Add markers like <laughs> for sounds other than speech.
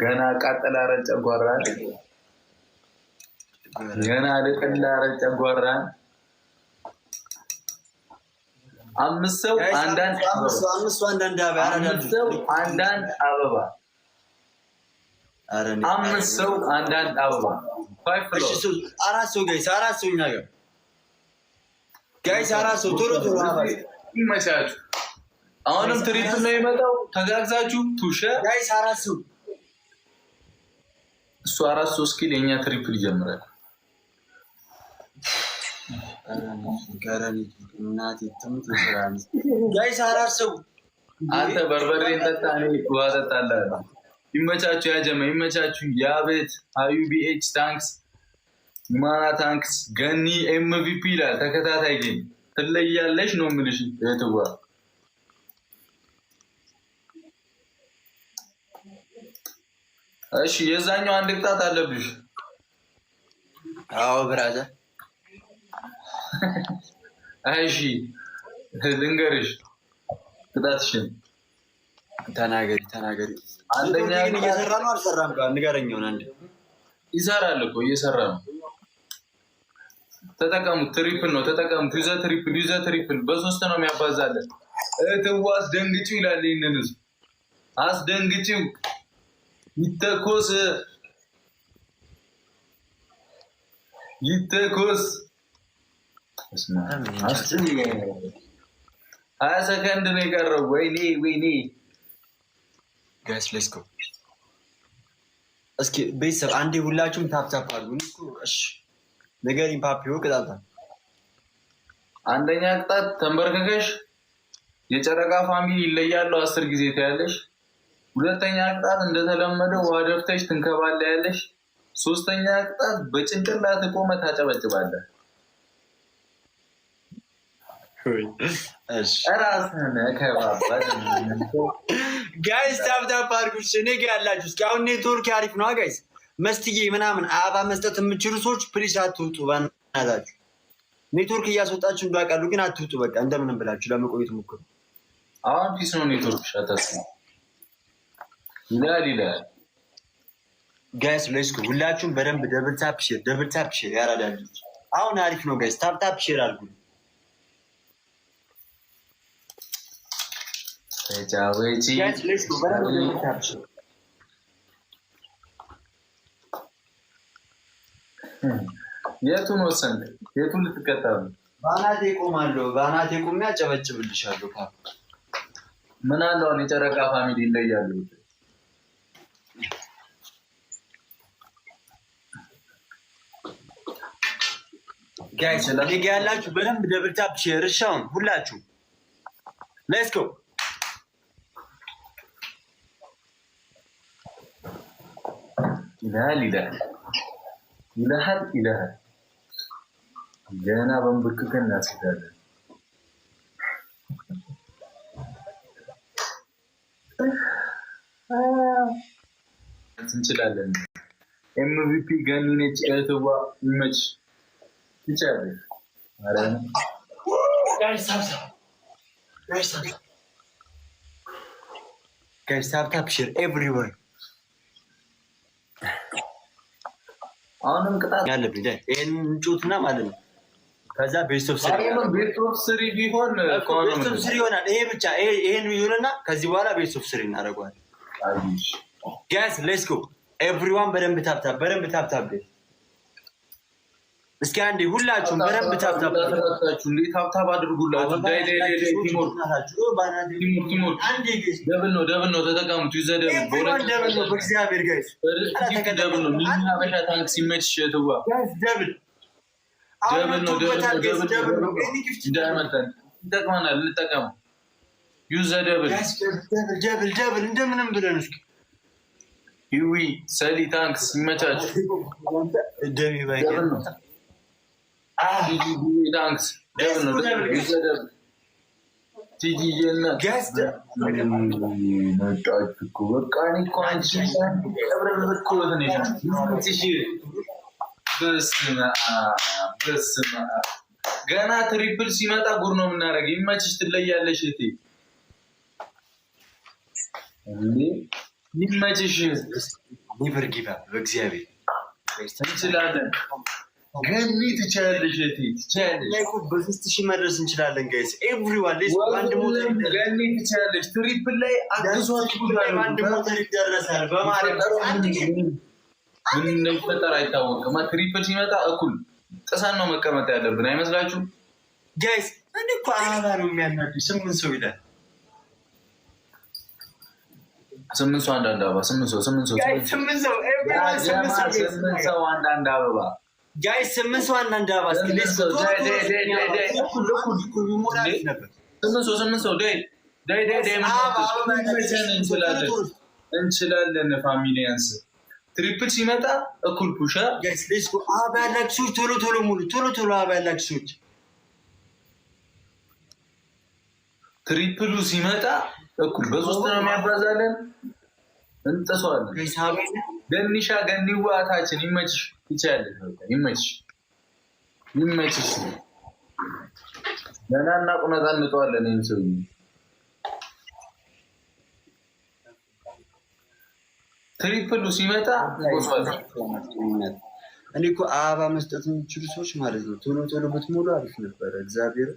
ገና ቃጠላ ረጨ ጓራን ገና ልቅላ ረጨ ጓራን አምስት ሰው አንዳንድ አበባ አምስት ሰው አንዳንድ አበባ አራት ሰው ጋይስ አራት ሰው እኛ ጋር ጋይስ አራት ሰው ቶሎ ቶሎ ይመቻችሁ። አሁንም ትሪፕ ነው የመጣው። ተጋግዛችሁ ቱሸ እሱ አራት ሶስት ኪል የእኛ ትሪፕል ይጀምራል። አንተ በርበሬ ጠጣ፣ ውሃ ጠጣለህ። ይመቻችሁ፣ ያጀመ ይመቻችሁ። የአቤት አዩቢኤች ታንክስ፣ ማና ታንክስ፣ ገኒ ኤምቪፒ ይላል ተከታታይ ገኝ ትለያለሽ ነው የምልሽ እህትዋ። እሺ የዛኛው አንድ ቅጣት አለብሽ። አዎ ብራዘ። እሺ ልንገርሽ ቅጣትሽን። ተናገሪ ተናገሪ። አንደኛ እየሰራ ነው አልሰራም? ንገረኛውን አንድ ይሰራል እኮ እየሰራ ነው ተጠቀሙት። ትሪፕል ነው ተጠቀሙት። ዩዘ ትሪፕል ዩዘ ትሪፕል በሶስት ነው የሚያባዛለን። እህትዋ አስደንግጪው ይላል። ይህንን ህዝብ አስደንግጪው ይተኮስ ይተኮስ። ሀያ ሰከንድ ነው የቀረው። ወይኔ ወይኔ ጋይስ ሌትስ እስኪ ቤተሰብ አንዴ ሁላችሁም ታፕታፕ አሉ። እሺ ንገሪኝ ፓፒዮ ቅጣት አንደኛ ቅጣት ተንበርክከሽ የጨረቃ ፋሚሊ ይለያሉ አስር ጊዜ ታያለሽ። ሁለተኛ ቅጣት እንደተለመደው ውሃ ደፍተሽ ትንከባለ ያለሽ። ሶስተኛ ቅጣት በጭንቅላት ቆመ ታጨበጭባለ። ራስነ <laughs> ጋይስ ታፕታፕ አድርጉ። እኔ ጋ ያላችሁ እስኪ አሁን ኔትወርክ አሪፍ ነው ጋይስ መስትዬ ምናምን አበባ መስጠት የምችሉ ሰዎች ፕሊስ አትውጡ፣ በእናታችሁ ኔትወርክ እያስወጣችሁ እንዳውቃሉ፣ ግን አትውጡ። በቃ እንደምንም ብላችሁ ለመቆየት ሞክሩ። አሁን አዲስ ነው ኔትወርክ ሸተስ ነው ይላል ይላል። ጋይስ ለስኩ ሁላችሁም በደንብ ደብል ታፕ ሼር፣ ደብል ታፕ ሼር ያራዳለች። አሁን አሪፍ ነው ጋይስ፣ ታፕ ታፕ ሼር አድርጉ። ተጫወቺ ጋይስ ሌስኩ በደንብ ታፕ ሼር የቱን ወሰንክ? የቱን ልትቀጣ ነው? በአናቴ እቆማለሁ። በአናቴ አጨበጭብልሻለሁ። ምን አለው የጨረቃ ፋሚሊ ይለያሉ። ጋ ያላችሁ በደንብ ደብል ታፕ ሼር እርሻውን ሁላችሁ ሌትስ ጎ ይልሃል ይልሃል ይልሃል ይልሃል ገና በንብክከን እናስሄዳለን። እንችላለን። ኤምቪፒ ገኒ ነች። እህትዋ ይመች ትችላለች። አሁንም ቅጣት ያለብኝ ይህን ጩትና ማለት ነው ከዛ ቤስቶፍ ስሪ ቢሆን ቤስቶፍ ስሪ ይሆናል። ይሄ ብቻ ይሄን ይሁንና ከዚህ በኋላ ቤስቶፍ ስሪ እናደርገዋለን። ጋስ ሌስ ጎ ኤቭሪዋን በደንብ ታብታብ በደንብ ታብታብ። እስኪ አንዴ ሁላችሁም በደንብ ታብታብ ታብታብ አድርጉላችሁ። ደብል ነው ደብል ነው ተጠቀሙት። ይዘደብ በእግዚአብሔር ጋይስ ደብል ነው ሚና ታንክ ሲመች ትዋ ደብል ይጠቅመናል፣ እንጠቀመው። ዩዘ ደብል ደብል ደብል እንደምንም ብለን እስኪ ይዊ ሰሊ ታንክስ ይመቻች። ታንክስ ደብል ነው በስመ አብ በስመ አብ ገና ትሪፕል ሲመጣ ጉር ነው የምናደርግ። ይመችሽ፣ ትለያለሽ። እቴ ይመችሽ፣ ኔቨር ጊቭ በእግዚአብሔር እንችላለን፣ ገኒ ትችያለሽ፣ እቴ ትችያለሽ። በሶስት ሺህ መድረስ እንችላለን ጋይስ፣ ኤቭሪዋን ገኒ ትችያለሽ። ትሪፕል ላይ አግዟት፣ አንድ ሞተር ይደረሳል። በማርያም አንድ ምን እንደሚፈጠር አይታወቅም። ትሪፕል ሲመጣ እኩል ጥሰን ነው መቀመጥ ያለብን አይመስላችሁ? ጋይስ እኔ እኮ አበባ ነው የሚያናዱ። ስምንት ሰው ይላል። ስምንት ሰው አንዳንድ አበባ። ስምንት ሰው ስምንት ሰው ስምንት ሰው አንዳንድ አበባ። ጋይስ ስምንት ሰው አንዳንድ አበባ። ስምንት ሰው ስምንት ሰው ደይ ደይ ደይ እንችላለን ፋሚሊያንስ ትሪፕል ሲመጣ እኩል ፑሽ አብ ያላችሁ ሰዎች ቶሎ ቶሎ ሙሉ ቶሎ ቶሎ አብ ያላችሁ ሰዎች ትሪፕሉ ሲመጣ እኩል በሶስት ነው የሚያባዛለን። እንጥሰዋለን። ገኒሻ ገኒዋ ታችን ይመችሽ፣ ይቻላል። ይመችሽ፣ ይመችሽ። ገና እናቁነጣ እንጠዋለን ይህን ሰውዬ ትሪፕሉ ሲመጣ እኔ እኮ አበባ መስጠት የሚችሉ ሰዎች ማለት ነው። ቶሎ ቶሎ ብትሞሉ አሪፍ ነበረ እግዚአብሔር